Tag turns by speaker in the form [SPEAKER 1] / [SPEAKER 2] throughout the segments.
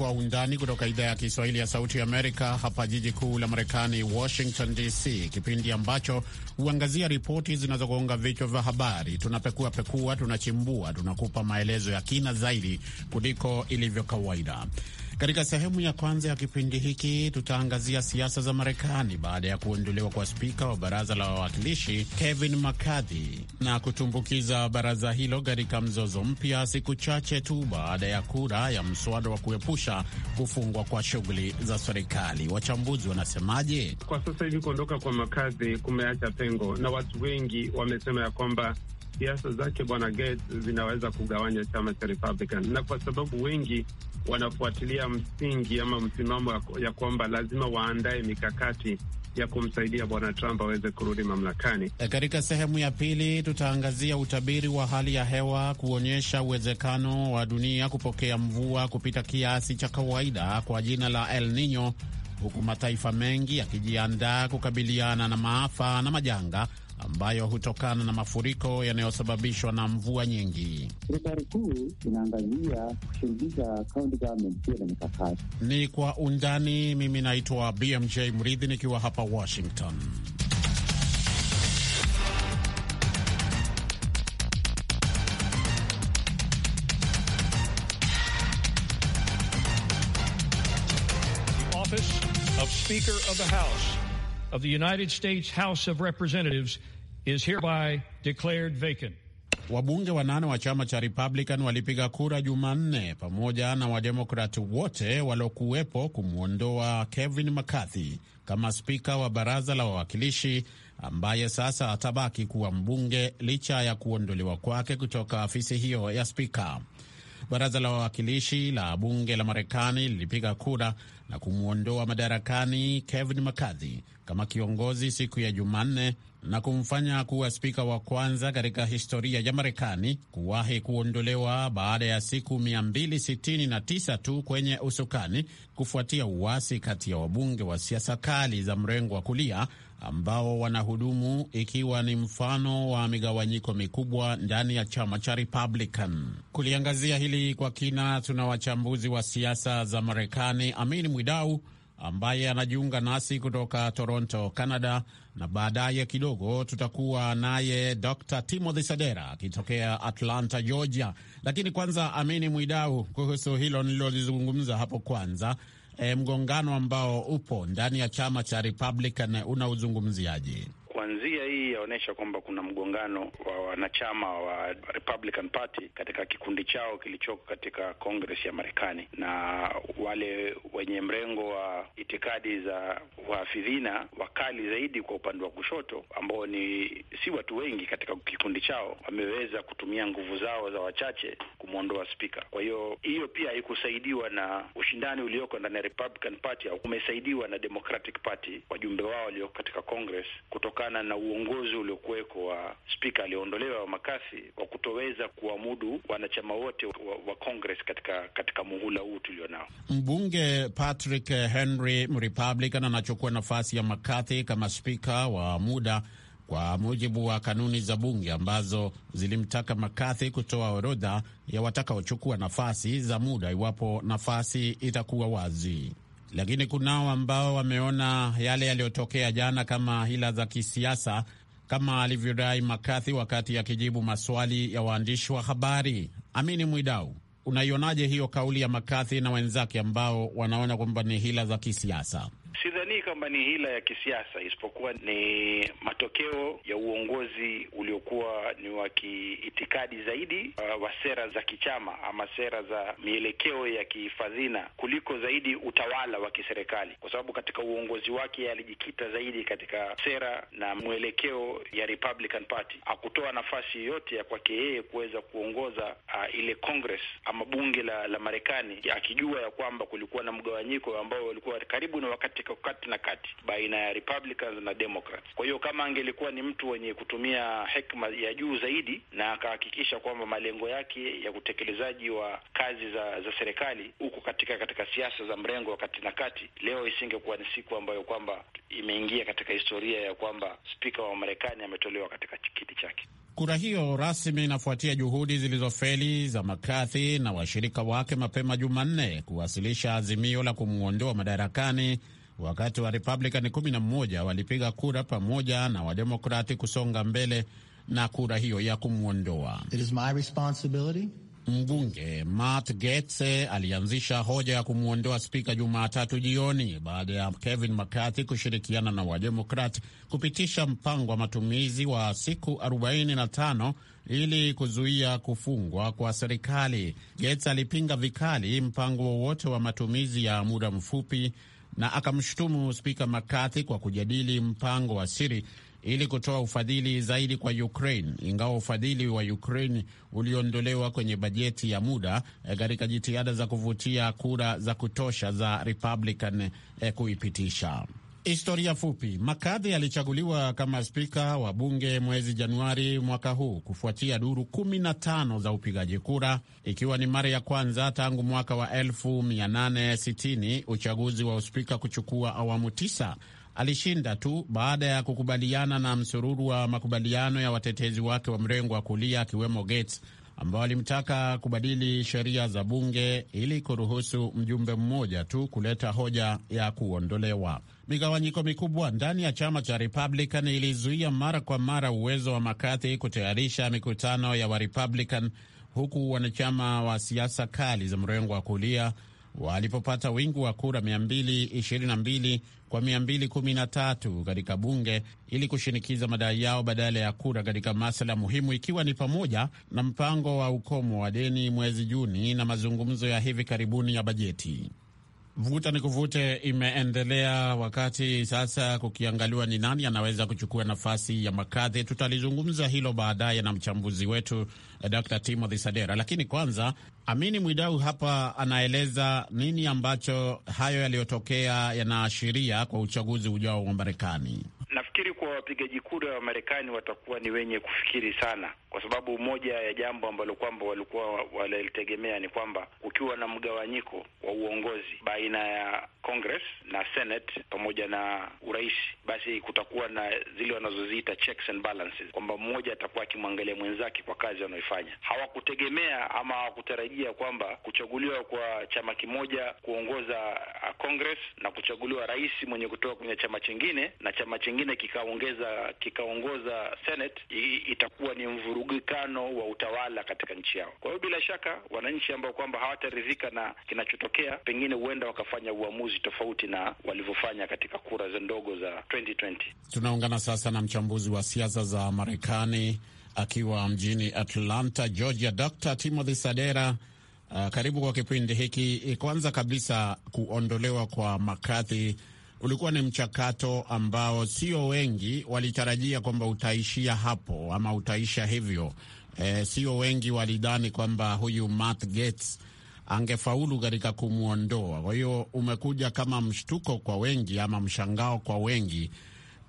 [SPEAKER 1] Kwa Undani kutoka idhaa ya Kiswahili ya Sauti ya Amerika, hapa jiji kuu la Marekani, Washington DC, kipindi ambacho huangazia ripoti zinazogonga vichwa vya habari. Tunapekua pekua, tunachimbua, tunakupa maelezo ya kina zaidi kuliko ilivyo kawaida. Katika sehemu ya kwanza ya kipindi hiki tutaangazia siasa za Marekani baada ya kuondolewa kwa spika wa baraza la wawakilishi Kevin McCarthy na kutumbukiza baraza hilo katika mzozo mpya siku chache tu baada ya kura ya mswada wa kuepusha kufungwa kwa shughuli za serikali. Wachambuzi wanasemaje? Kwa
[SPEAKER 2] sasa hivi kuondoka kwa McCarthy kumeacha pengo, na watu wengi wamesema ya kwamba siasa zake bwana Gates zinaweza kugawanya chama cha Republican, na kwa sababu wengi wanafuatilia msingi ama msimamo ya kwamba lazima waandae mikakati ya kumsaidia bwana Trump aweze kurudi mamlakani.
[SPEAKER 1] E, katika sehemu ya pili tutaangazia utabiri wa hali ya hewa kuonyesha uwezekano wa dunia kupokea mvua kupita kiasi cha kawaida kwa jina la El Nino, huku mataifa mengi yakijiandaa kukabiliana na maafa na majanga ambayo hutokana na mafuriko yanayosababishwa na mvua nyingi.
[SPEAKER 3] Serikali kuu inaangazia kushirikisha kaunti government pia na mikakati.
[SPEAKER 1] Ni kwa undani. Mimi naitwa BMJ Mridhi nikiwa hapa Washington.
[SPEAKER 2] Speaker of the House
[SPEAKER 1] of the United States House of Representatives is hereby declared vacant. Wabunge wanane wa chama cha Republican walipiga kura Jumanne pamoja na wademokrati wote waliokuwepo kumwondoa Kevin McCarthy kama spika wa baraza la wawakilishi ambaye sasa atabaki kuwa mbunge licha ya kuondolewa kwake kutoka afisi hiyo ya spika. Baraza la wawakilishi la bunge la Marekani lilipiga kura na kumwondoa madarakani Kevin McCarthy kama kiongozi siku ya Jumanne na kumfanya kuwa spika wa kwanza katika historia ya Marekani kuwahi kuondolewa baada ya siku 269 tu kwenye usukani kufuatia uasi kati ya wabunge wa siasa kali za mrengo wa kulia ambao wanahudumu, ikiwa ni mfano wa migawanyiko mikubwa ndani ya chama cha Republican. Kuliangazia hili kwa kina, tuna wachambuzi wa siasa za Marekani, Amin Mwidau ambaye anajiunga nasi kutoka Toronto, Canada, na baadaye kidogo tutakuwa naye Dr Timothy Sadera akitokea Atlanta, Georgia. Lakini kwanza, Amini Mwidau, kuhusu hilo nililolizungumza hapo kwanza, e, mgongano ambao upo ndani ya chama cha Republican unauzungumziaje?
[SPEAKER 4] kuanzia hii yaonyesha kwamba kuna mgongano wa wanachama wa Republican Party katika kikundi chao kilichoko katika Congress ya Marekani, na wale wenye mrengo wa itikadi za uhafidhina wakali zaidi kwa upande wa kushoto, ambao ni si watu wengi katika kikundi chao, wameweza kutumia nguvu zao za wachache kumwondoa spika. Kwa hiyo hiyo pia haikusaidiwa na ushindani ulioko ndani ya Republican Party, umesaidiwa na Democratic Party, wajumbe wao walioko katika Congress kutoka kutokana na uongozi uliokuweko wa spika aliondolewa wa Makasi wa kutoweza kuamudu wanachama wote wa, wa Congress katika katika muhula huu
[SPEAKER 5] tulionao.
[SPEAKER 1] Mbunge Patrick Henry Mrepublican anachukua nafasi ya Makathi kama spika wa muda kwa mujibu wa kanuni za bunge ambazo zilimtaka Makathi kutoa orodha ya watakaochukua nafasi za muda iwapo nafasi itakuwa wazi lakini kunao ambao wameona yale yaliyotokea jana kama hila za kisiasa, kama alivyodai Makathi wakati akijibu maswali ya waandishi wa habari. Amini Mwidau, unaionaje hiyo kauli ya Makathi na wenzake ambao wanaona kwamba ni hila za kisiasa?
[SPEAKER 4] Sidhanii kwamba ni hila ya kisiasa, isipokuwa ni matokeo ya uongozi uliokuwa ni wa kiitikadi zaidi, uh, wa sera za kichama ama sera za mielekeo ya kifadhina kuliko zaidi utawala wa kiserikali, kwa sababu katika uongozi wake alijikita zaidi katika sera na mwelekeo ya Republican Party. Hakutoa nafasi yoyote ya kwake yeye kuweza kuongoza uh, ile Congress ama bunge la, la Marekani, akijua ya kwamba kulikuwa na mgawanyiko ambao walikuwa karibu na wakati katika kati na kati baina ya Republicans na Democrats. Kwa hiyo kama angelikuwa ni mtu wenye kutumia hekima ya juu zaidi na akahakikisha kwamba malengo yake ya utekelezaji wa kazi za za serikali huko katika katika siasa za mrengo wa kati na kati, leo isingekuwa ni siku ambayo kwamba imeingia katika historia ya kwamba spika wa Marekani ametolewa katika kiti chake.
[SPEAKER 1] Kura hiyo rasmi inafuatia juhudi zilizofeli za McCarthy na washirika wake mapema Jumanne kuwasilisha azimio la kumwondoa madarakani wakati wa Republican 11 walipiga kura pamoja na Wademokrati kusonga mbele na kura hiyo ya kumwondoa mbunge. Matt Gaetz alianzisha hoja ya kumwondoa spika Jumatatu jioni baada ya Kevin McCarthy kushirikiana na Wademokrat kupitisha mpango wa matumizi wa siku 45 ili kuzuia kufungwa kwa serikali. Gaetz alipinga vikali mpango wowote wa matumizi ya muda mfupi na akamshutumu spika McCarthy kwa kujadili mpango wa siri ili kutoa ufadhili zaidi kwa Ukraine, ingawa ufadhili wa Ukraine uliondolewa kwenye bajeti ya muda eh, katika jitihada za kuvutia kura za kutosha za Republican eh, kuipitisha. Historia fupi. makadhi alichaguliwa kama spika wa bunge mwezi Januari mwaka huu kufuatia duru 15 za upigaji kura, ikiwa ni mara ya kwanza tangu mwaka wa 1860 uchaguzi wa uspika kuchukua awamu tisa. Alishinda tu baada ya kukubaliana na msururu wa makubaliano ya watetezi wake wa mrengo wa kulia akiwemo Gates ambao alimtaka kubadili sheria za bunge ili kuruhusu mjumbe mmoja tu kuleta hoja ya kuondolewa. Migawanyiko mikubwa ndani ya chama cha Republican ilizuia mara kwa mara uwezo wa McCarthy kutayarisha mikutano ya Warepublican, huku wanachama wa siasa kali za mrengo wa kulia walipopata wingi wa kura 222 kwa 213 katika bunge ili kushinikiza madai yao badala ya kura katika masuala muhimu, ikiwa ni pamoja na mpango wa ukomo wa deni mwezi Juni na mazungumzo ya hivi karibuni ya bajeti vuta ni kuvute imeendelea, wakati sasa kukiangaliwa ni nani anaweza kuchukua nafasi ya makadhi. Tutalizungumza hilo baadaye na mchambuzi wetu eh, Dr. Timothy Sadera, lakini kwanza Amini Mwidau hapa anaeleza nini ambacho hayo yaliyotokea yanaashiria kwa uchaguzi ujao wa Marekani
[SPEAKER 4] kuwa wapigaji kura wa Marekani watakuwa ni wenye kufikiri sana, kwa sababu moja ya jambo ambalo kwamba walikuwa walilitegemea ni kwamba kukiwa na mgawanyiko wa uongozi baina ya Congress na Senate pamoja na urais, basi kutakuwa na zile wanazoziita checks and balances, kwamba mmoja atakuwa akimwangalia mwenzake kwa kazi wanaoifanya Hawakutegemea ama hawakutarajia kwamba kuchaguliwa kwa chama kimoja kuongoza Congress na kuchaguliwa rais mwenye kutoka kwenye chama chingine na chama chingine kikao kikaongeza kikaongoza Senate, itakuwa ni mvurugikano wa utawala katika nchi yao. Kwa hiyo bila shaka wananchi ambao kwamba hawataridhika na kinachotokea, pengine huenda wakafanya uamuzi tofauti na walivyofanya katika kura ndogo za 2020.
[SPEAKER 1] Tunaungana sasa na mchambuzi wa siasa za Marekani akiwa mjini Atlanta, Georgia, Dr. Timothy Sadera. Uh, karibu kwa kipindi hiki. Kwanza kabisa kuondolewa kwa makadhi ulikuwa ni mchakato ambao sio wengi walitarajia kwamba utaishia hapo ama utaisha hivyo. E, sio wengi walidhani kwamba huyu Matt Gaetz angefaulu katika kumwondoa. Kwa hiyo umekuja kama mshtuko kwa wengi ama mshangao kwa wengi.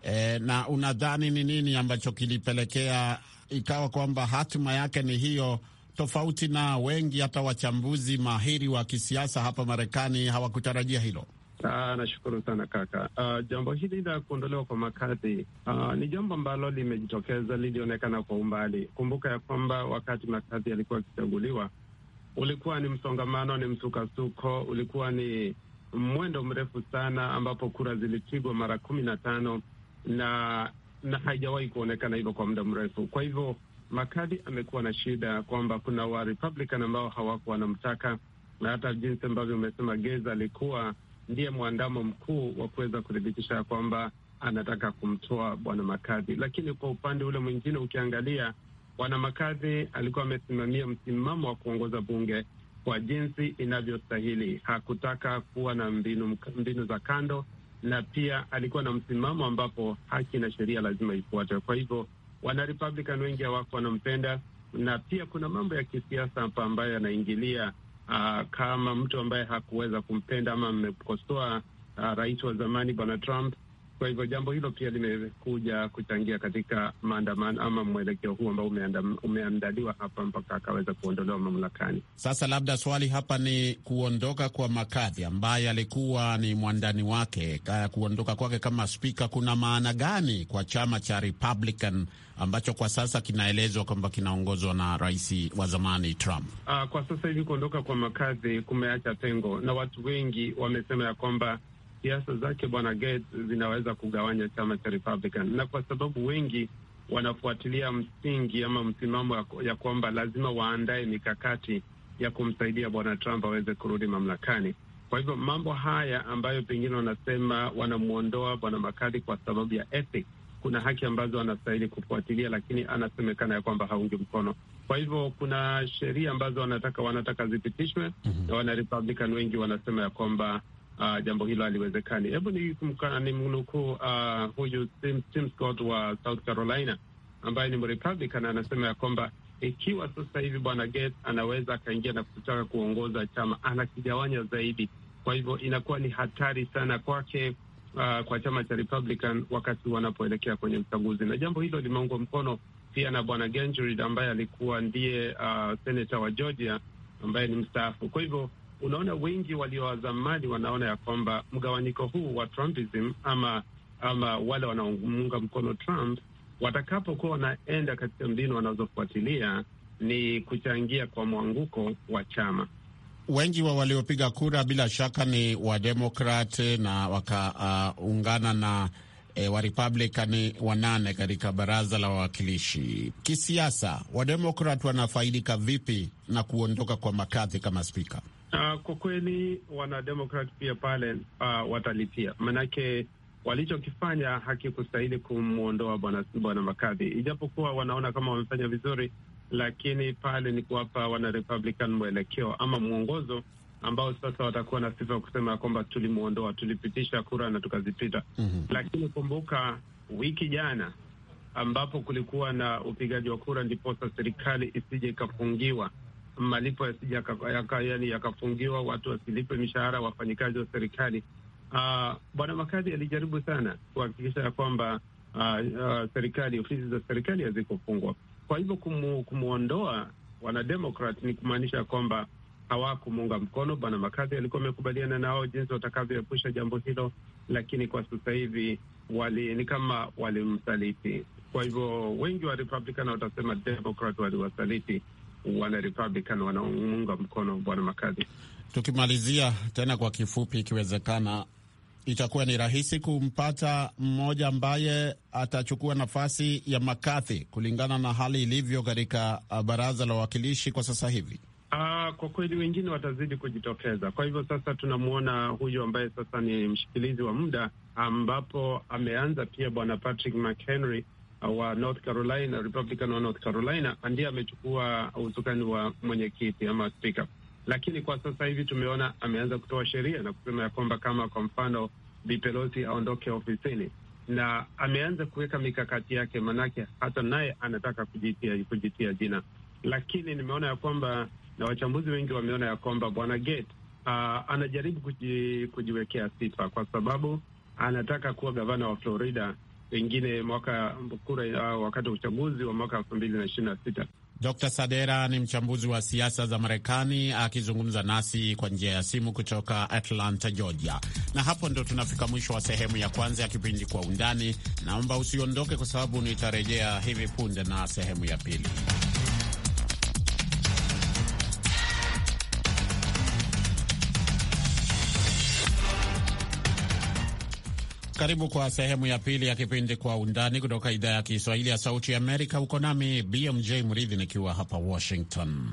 [SPEAKER 1] E, na unadhani ni nini ambacho kilipelekea ikawa kwamba hatima yake ni hiyo, tofauti na wengi hata wachambuzi mahiri wa kisiasa hapa Marekani hawakutarajia hilo?
[SPEAKER 2] Nashukuru sana kaka. Uh, jambo hili la kuondolewa kwa makazi uh, ni jambo ambalo limejitokeza, lilionekana kwa umbali. Kumbuka ya kwamba wakati makazi yalikuwa akichaguliwa, ulikuwa ni msongamano, ni msukasuko, ulikuwa ni mwendo mrefu sana, ambapo kura zilipigwa mara kumi na tano na na haijawahi kuonekana hivyo kwa muda mrefu. Kwa hivyo Makadi amekuwa na shida kwamba kuna wa Republican ambao hawakuwa wanamtaka, na hata jinsi ambavyo umesema Geza alikuwa ndiye mwandamo mkuu wa kuweza kuthibitisha ya kwamba anataka kumtoa bwana Makadhi. Lakini kwa upande ule mwingine, ukiangalia bwana Makadhi alikuwa amesimamia msimamo wa kuongoza bunge kwa jinsi inavyostahili. Hakutaka kuwa na mbinu, mbinu za kando, na pia alikuwa na msimamo ambapo haki na sheria lazima ifuatwe. Kwa hivyo wana Republican wengi hawako wanampenda, na pia kuna mambo ya kisiasa hapa ambayo yanaingilia uh, kama mtu ambaye hakuweza kumpenda ama mmekosoa uh, ah, rais wa zamani Bwana Trump kwa hivyo jambo hilo pia limekuja kuchangia katika maandamano ama mwelekeo huu ambao umeandaliwa hapa mpaka akaweza kuondolewa mamlakani.
[SPEAKER 1] Sasa labda swali hapa ni kuondoka kwa Makadhi ambaye alikuwa ni mwandani wake, kuondoka kwake kama spika, kuna maana gani kwa chama cha Republican ambacho kwa sasa kinaelezwa kwamba kinaongozwa na rais wa zamani Trump?
[SPEAKER 2] Aa, ah, kwa sasa hivi kuondoka kwa makazi kumeacha pengo na watu wengi wamesema ya kwamba siasa zake bwana Gates zinaweza kugawanya chama cha Republican, na kwa sababu wengi wanafuatilia msingi ama msimamo ya, kwamba lazima waandae mikakati ya kumsaidia bwana Trump aweze kurudi mamlakani. Kwa hivyo mambo haya ambayo pengine wanasema wanamwondoa bwana makadhi kwa sababu ya ethics, kuna haki ambazo anastahili kufuatilia, lakini anasemekana ya kwamba haungi mkono. Kwa hivyo kuna sheria ambazo wanataka wanataka zipitishwe, mm -hmm. na Republican wengi wanasema ya kwamba uh, jambo hilo haliwezekani. Hebu ni mnukuu uh, huyu Tim, Tim Scott wa South Carolina ambaye ni Mrepublican anasema ya kwamba ikiwa sasa hivi bwana Gates anaweza akaingia na kutaka kuongoza chama, anakigawanya zaidi. Kwa hivyo inakuwa ni hatari sana kwake, uh, kwa chama cha Republican wakati wanapoelekea kwenye uchaguzi, na jambo hilo limeungwa mkono pia na bwana Gentry ambaye alikuwa ndiye uh, senata wa Georgia ambaye ni mstaafu. Kwa hivyo unaona wengi waliowazamani wanaona ya kwamba mgawanyiko huu wa Trumpism ama ama wale wanaomunga mkono Trump watakapokuwa wanaenda katika mbinu wanazofuatilia ni kuchangia kwa mwanguko wa chama.
[SPEAKER 1] Wengi wa waliopiga kura bila shaka ni Wademokrat na wakaungana uh, na E, wa Republican wanane katika baraza la wawakilishi. Kisiasa, Wademokrat wanafaidika vipi na kuondoka kwa makadhi kama spika?
[SPEAKER 2] Uh, kwa kweli wanademokrat pia pale uh, watalipia, manake walichokifanya hakikustahili kumwondoa bwana bwana Makadhi, ijapokuwa wanaona kama wamefanya vizuri, lakini pale ni kuwapa wana Republican mwelekeo ama mwongozo ambao sasa watakuwa na sifa ya kusema kwamba tulimwondoa, tulipitisha kura na tukazipita. mm -hmm. Lakini kumbuka wiki jana ambapo kulikuwa na upigaji wa kura, ndiposa serikali isije ikafungiwa malipo yakafungiwa yaka, watu wasilipe mishahara wafanyikazi wa serikali. Uh, Bwana Makazi alijaribu sana kuhakikisha ya kwamba uh, uh, serikali ofisi za serikali hazikufungwa. Kwa hivyo kumu, kumwondoa wanademokrat ni kumaanisha kwamba hawakumuunga mkono Bwana Makazi. Alikuwa amekubaliana nao jinsi watakavyoepusha jambo hilo, lakini kwa sasa hivi wali ni kama walimsaliti. Kwa hivyo wengi wa Republican watasema Democrat waliwasaliti wana Republican wanaomunga mkono bwana McCarthy.
[SPEAKER 1] Tukimalizia tena kwa kifupi, ikiwezekana, itakuwa ni rahisi kumpata mmoja ambaye atachukua nafasi ya McCarthy kulingana na hali ilivyo katika uh, baraza la wawakilishi kwa sasa hivi.
[SPEAKER 2] Uh, kwa kweli wengine watazidi kujitokeza. Kwa hivyo sasa tunamwona huyu ambaye sasa ni mshikilizi wa muda ambapo ameanza pia bwana Patrick McHenry Uh, wa North Carolina, Republican wa North Carolina, ndiye amechukua usukani wa mwenyekiti ama spika. Lakini kwa sasa hivi tumeona ameanza kutoa sheria na kusema ya kwamba kama kwa mfano Bi Pelosi aondoke ofisini, na ameanza kuweka mikakati yake, manake hata naye anataka kujitia, kujitia jina. Lakini nimeona ya kwamba na wachambuzi wengi wameona ya kwamba bwana Gates uh, anajaribu kuji, kujiwekea sifa kwa sababu anataka kuwa gavana wa Florida pengine mwaka kura wakati wa uchaguzi wa mwaka elfu mbili na ishirini na sita. Dr
[SPEAKER 1] Sadera ni mchambuzi wa siasa za Marekani akizungumza nasi kwa njia ya simu kutoka Atlanta, Georgia. Na hapo ndo tunafika mwisho wa sehemu ya kwanza ya kipindi Kwa Undani. Naomba usiondoke, kwa sababu nitarejea hivi punde na sehemu ya pili. Karibu kwa sehemu ya pili ya kipindi Kwa Undani kutoka idhaa ya Kiswahili ya Sauti Amerika. Huko nami BMJ Mridhi nikiwa hapa Washington.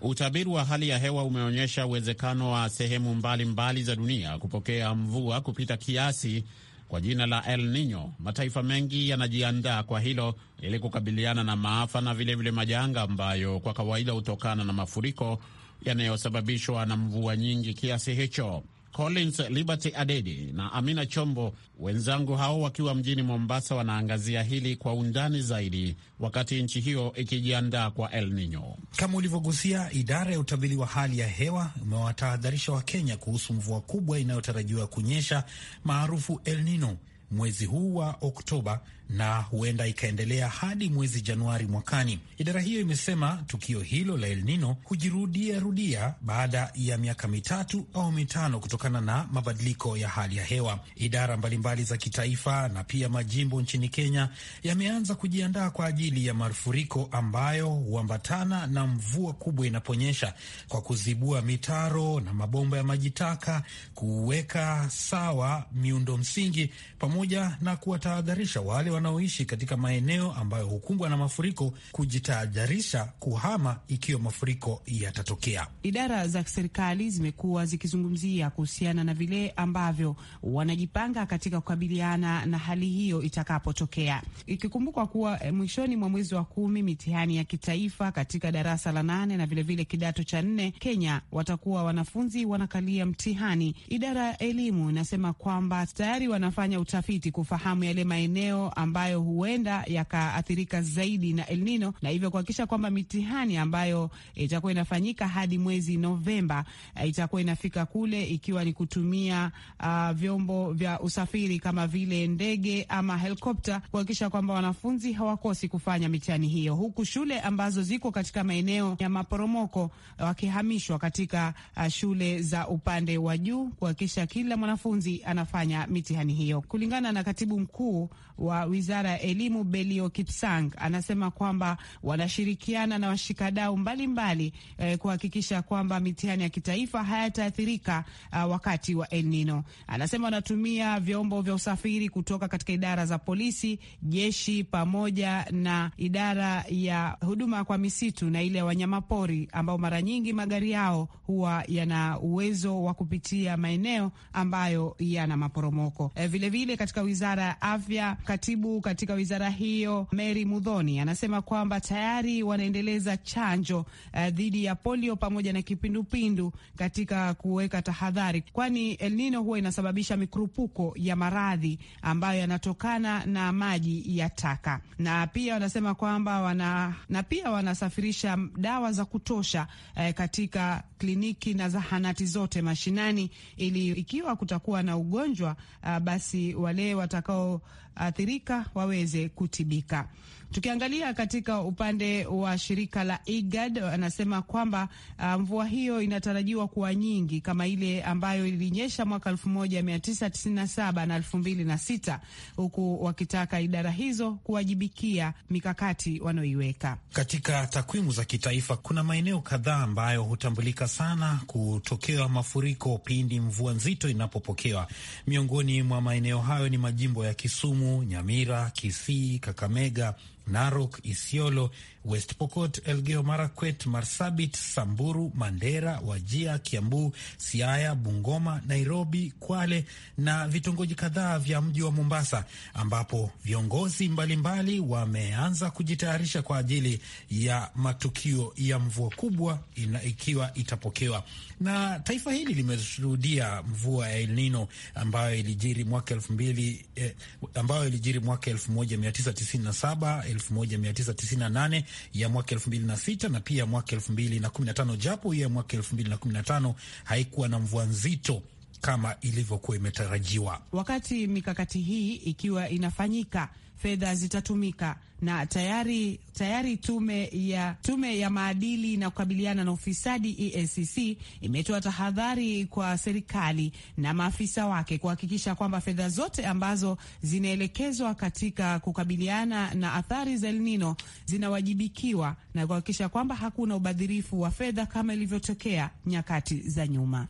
[SPEAKER 1] Utabiri wa hali ya hewa umeonyesha uwezekano wa sehemu mbalimbali mbali za dunia kupokea mvua kupita kiasi kwa jina la El Nino. Mataifa mengi yanajiandaa kwa hilo ili kukabiliana na maafa na vilevile vile majanga ambayo kwa kawaida hutokana na mafuriko yanayosababishwa na mvua nyingi kiasi hicho. Collins Liberty Adedi na Amina Chombo, wenzangu hao wakiwa mjini Mombasa, wanaangazia hili kwa undani zaidi, wakati nchi hiyo ikijiandaa kwa El Nino.
[SPEAKER 6] Kama ulivyogusia, idara ya utabiri wa hali ya hewa imewatahadharisha Wakenya kuhusu mvua kubwa inayotarajiwa kunyesha maarufu El Nino mwezi huu wa Oktoba na huenda ikaendelea hadi mwezi Januari mwakani. Idara hiyo imesema tukio hilo la El Nino hujirudia rudia baada ya miaka mitatu au mitano kutokana na mabadiliko ya hali ya hewa. Idara mbalimbali za kitaifa na pia majimbo nchini Kenya yameanza kujiandaa kwa ajili ya mafuriko ambayo huambatana na mvua kubwa inaponyesha kwa kuzibua mitaro na mabomba ya maji taka, kuweka sawa miundo msingi pamoja na kuwatahadharisha wale wanaoishi katika maeneo ambayo hukumbwa na mafuriko kujitajarisha kuhama ikiwa mafuriko yatatokea.
[SPEAKER 7] Idara za serikali zimekuwa zikizungumzia kuhusiana na vile ambavyo wanajipanga katika kukabiliana na hali hiyo itakapotokea, ikikumbukwa kuwa eh, mwishoni mwa mwezi wa kumi mitihani ya kitaifa katika darasa la nane na vilevile vile kidato cha nne Kenya watakuwa wanafunzi wanakalia mtihani. Idara ya elimu inasema kwamba tayari wanafanya utafiti kufahamu yale maeneo ambayo huenda yakaathirika zaidi na El Nino na hivyo kuhakikisha kwamba mitihani ambayo eh, itakuwa inafanyika hadi mwezi Novemba eh, itakuwa inafika kule ikiwa ni kutumia uh, vyombo vya usafiri kama vile ndege ama helikopta kuhakikisha kwamba wanafunzi hawakosi kufanya mitihani hiyo, huku shule ambazo ziko katika maeneo ya maporomoko eh, wakihamishwa katika uh, shule za upande wa juu kuhakikisha kila mwanafunzi anafanya mitihani hiyo kulingana na katibu mkuu wa wizara ya elimu Belio Kipsang anasema kwamba wanashirikiana na washikadau mbalimbali eh, kuhakikisha kwamba mitihani ya kitaifa hayataathirika uh, wakati wa El Nino. Anasema wanatumia vyombo vya usafiri kutoka katika idara za polisi, jeshi, pamoja na idara ya huduma kwa misitu na ile ya wanyamapori, ambao mara nyingi magari yao huwa yana uwezo wa kupitia maeneo ambayo yana maporomoko. Eh, vilevile katika wizara ya afya katibu katibu katika wizara hiyo Mary Mudhoni anasema kwamba tayari wanaendeleza chanjo uh, dhidi ya polio pamoja na kipindupindu katika kuweka tahadhari, kwani El Nino huwa inasababisha mikurupuko ya maradhi ambayo yanatokana na maji ya taka, na pia wanasema kwamba wana na pia wanasafirisha dawa za kutosha uh, katika kliniki na zahanati zote mashinani, ili ikiwa kutakuwa na ugonjwa uh, basi wale watakao athirika waweze kutibika. Tukiangalia katika upande wa shirika la IGAD anasema kwamba uh, mvua hiyo inatarajiwa kuwa nyingi kama ile ambayo ilinyesha mwaka 1997 na 2006, huku wakitaka idara hizo kuwajibikia mikakati wanaoiweka.
[SPEAKER 6] Katika takwimu za kitaifa, kuna maeneo kadhaa ambayo hutambulika sana kutokewa mafuriko pindi mvua nzito inapopokewa. Miongoni mwa maeneo hayo ni majimbo ya Kisumu, Nyamira, Kisii, Kakamega Narok, Isiolo, West Pokot, Elgeo Marakwet, Marsabit, Samburu, Mandera, Wajia, Kiambu, Siaya, Bungoma, Nairobi, Kwale na vitongoji kadhaa vya mji wa Mombasa, ambapo viongozi mbalimbali wameanza kujitayarisha kwa ajili ya matukio ya mvua kubwa ina, ikiwa itapokewa. Na taifa hili limeshuhudia mvua ya El Nino ambayo ilijiri mwaka elfu mbili eh, ambayo ilijiri mwaka elfu moja mia tisa tisini na saba 1998 ya mwaka 2006 na pia mwaka 2015, japo hiyo ya mwaka 2015 haikuwa na mvua nzito kama ilivyokuwa imetarajiwa.
[SPEAKER 7] Wakati mikakati hii ikiwa inafanyika fedha zitatumika na tayari tayari tume ya tume ya maadili na kukabiliana na ufisadi EACC e imetoa tahadhari kwa serikali na maafisa wake kuhakikisha kwamba fedha zote ambazo zinaelekezwa katika kukabiliana na athari za El Nino zinawajibikiwa na kuhakikisha kwamba hakuna ubadhirifu wa fedha kama ilivyotokea nyakati za nyuma.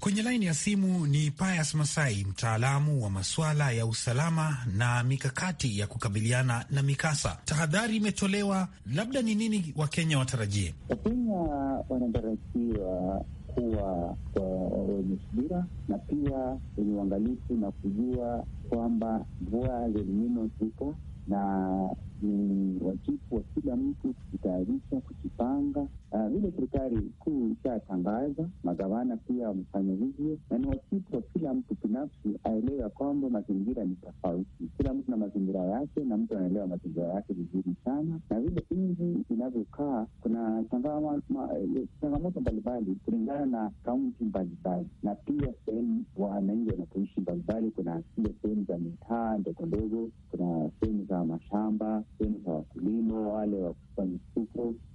[SPEAKER 7] Kwenye laini ya
[SPEAKER 6] simu ni Pius Masai, mtaalamu wa masuala ya usalama na mikakati ya kukabiliana na mikasa. Tahadhari imetolewa, labda ni nini wakenya watarajie?
[SPEAKER 3] Wakenya wanatarajiwa kuwa wenye subira na pia wenye uangalifu na kujua kwamba mvua zelimino zipo na ni wajibu wa kila mtu kujitayarisha, kujipanga. Ah, vile serikali kuu ishatangaza, magavana pia wamefanya hivyo, na ni wajibu wa kila mtu binafsi aelewe ya kwamba mazingira ni tofauti, kila mtu na mazingira yake, na mtu anaelewa mazingira yake vizuri sana. Na vile nchi inavyokaa, kuna changamoto eh, mbalimbali kulingana na kaunti mbalimbali, na pia sehemu wananchi wanapoishi mbalimbali. Kuna zile sehemu za mitaa ndogo ndogo, kuna sehemu za mashamba maseneta za wakulima, wale wa kufanya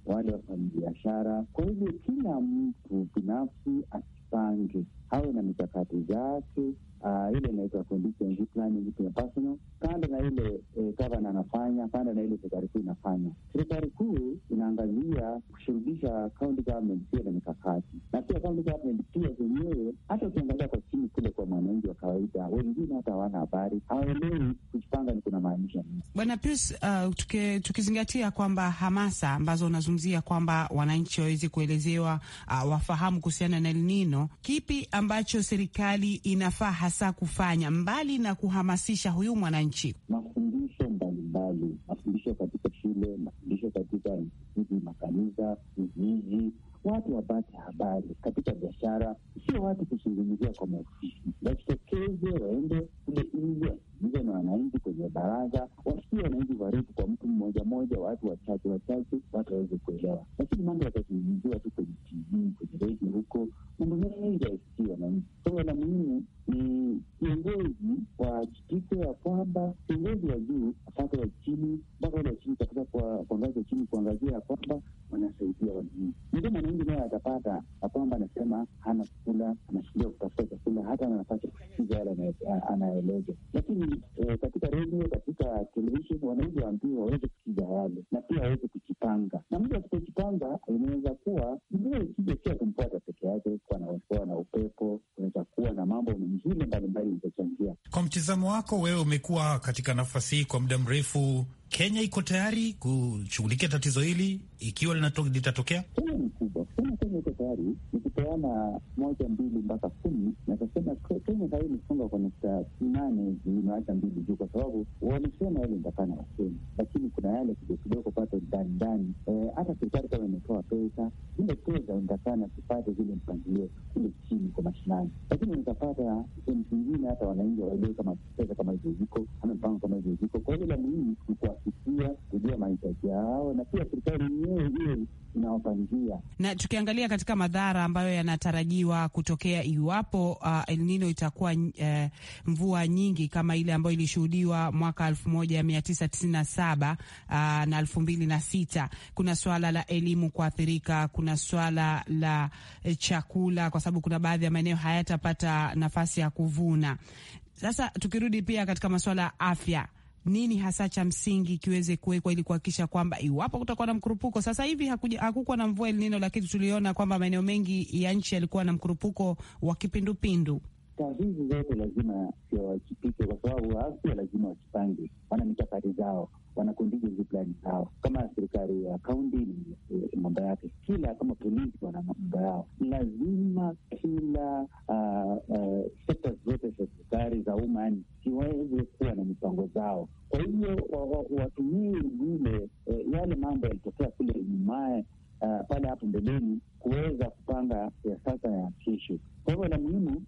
[SPEAKER 3] wale wale biashara Kwa hivyo kila mtu binafsi asipange awe na mikakati zake. Uh, ile inaitwa contingency planning personal. Kando na ile eh, gavana anafanya, kando na ile serikali kuu inafanya. Serikali kuu inaangazia kushurudisha county government pia na mikakati, na pia county government pia zenyewe, hata ukiangalia kwa chini kule kwa mwananchi wa kawaida, wengine hata hawana habari, hawaelewi kujipanga ni kuna maanisha
[SPEAKER 7] nini. Bwana Pius, uh, ah, tuke, tukizingatia kwamba hamasa ambazo unazungumzia kwamba wananchi waweze kuelezewa, uh, wafahamu kuhusiana na El Nino, kipi ambacho serikali inafaa hasa kufanya mbali na kuhamasisha huyu mwananchi? Mafundisho
[SPEAKER 3] mbalimbali, mafundisho katika shule, mafundisho katika hizi makanisa, vijiji, watu wapate habari katika biashara, sio watu kuzungumzia kwa
[SPEAKER 6] kwako wewe, umekuwa katika nafasi hii kwa muda mrefu. Kenya iko tayari kushughulikia tatizo hili ikiwa litatokea?
[SPEAKER 3] Kenya iko tayari tukipeana moja mbili mpaka kumi, natasema Kenya sahii imefunga kwa nukta nane hivi, imewacha mbili juu, kwa sababu wamesema yale nitakana Kenya, lakini kuna yale kidogo kidogo pato ndani ndani. E, hata serikali kama imetoa pesa zile pesa, nitakana tupate zile mpangilio kule chini kwa mashinani, lakini nitapata sehemu zingine, hata wananji waelewe kama pesa kama hizo ziko ama mpango kama hizo ziko. Kwa hiyo la muhimu ni kuwafikia, kujua mahitaji yao, na pia serikali yenyewe hiyo
[SPEAKER 7] inawapangia, na tukiangalia katika madhara ambayo ambayo yanatarajiwa kutokea iwapo uh, El Nino itakuwa uh, mvua nyingi kama ile ambayo ilishuhudiwa mwaka 1997 uh, na 2006. Kuna swala la elimu kuathirika, kuna swala la eh, chakula, kwa sababu kuna baadhi ya maeneo hayatapata nafasi ya kuvuna. Sasa tukirudi pia katika masuala ya afya nini hasa cha msingi kiweze kuwekwa ili kuhakikisha kwamba iwapo kutakuwa na mkurupuko. Sasa hivi hakukuwa na mvua El Nino, lakini tuliona kwamba maeneo mengi ya nchi yalikuwa na mkurupuko wa kipindupindu
[SPEAKER 3] taasisi zote lazima sio wajipike, kwa sababu afya lazima wajipange, wana mikakati zao, wana contingency plan zao. Kama serikali ya kaunti ni eh, mambo yake, kila kama polisi wana mambo yao. Lazima kila uh, ah, uh, ah, sekta zote za serikali za umma yani ziweze kuwa na mipango zao. Kwa hivyo watumie vile eh, yale mambo yalitokea kule nyumaye uh, ah, pale hapo mbeleni kuweza kupanga ya sasa ya kesho. Kwa hivyo la muhimu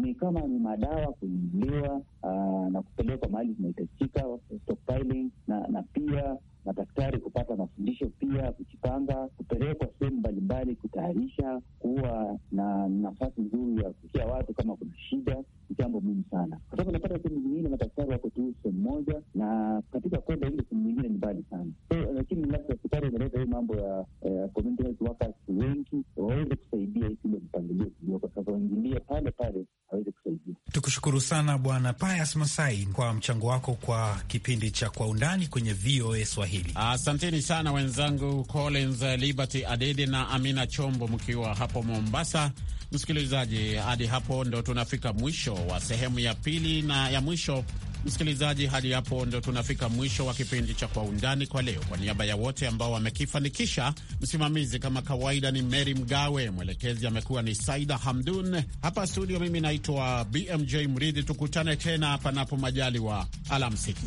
[SPEAKER 3] ni kama ni madawa kuinuliwa ah, na kupelekwa mahali zinahitajika, stockpiling na, na pia madaktari kupata mafundisho pia kujipanga, kupelekwa sehemu mbalimbali, kutayarisha, kuwa na nafasi nzuri ya kufikia watu kama kuna shida ni jambo muhimu sana, kwa sababu unapata sehemu zingine madaktari wako tu sehemu moja, na katika kwenda ile sehemu nyingine ni mbali sana. So uh, lakini labda serikali imeleta hiyo mambo ya eh, community health workers wengi waweze kusaidia hii ile mpangilio kwa sababu waingilie pale pale
[SPEAKER 6] waweze kusaidia. Tukushukuru sana Bwana Pius Masai kwa mchango wako kwa kipindi cha Kwa Undani kwenye VOA Swahili.
[SPEAKER 1] Asanteni sana wenzangu Collins Liberty Adede na Amina Chombo mkiwa hapo Mombasa. Msikilizaji, hadi hapo ndo tunafika mwisho wa sehemu ya pili na ya mwisho. Msikilizaji, hadi hapo ndo tunafika mwisho wa kipindi cha Kwa Undani kwa leo. Kwa niaba ya wote ambao wamekifanikisha, msimamizi kama kawaida ni Meri Mgawe, mwelekezi amekuwa ni Saida Hamdun. Hapa studio, mimi naitwa BMJ Mridhi. Tukutane tena panapo majaliwa. Alamsiki.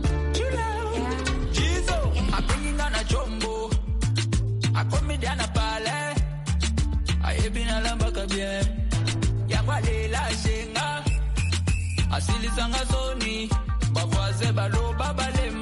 [SPEAKER 5] na chombo akomedia na pale ayebi na lambaka bien yango singa, asenga asilizanga zoni bavoise balo balema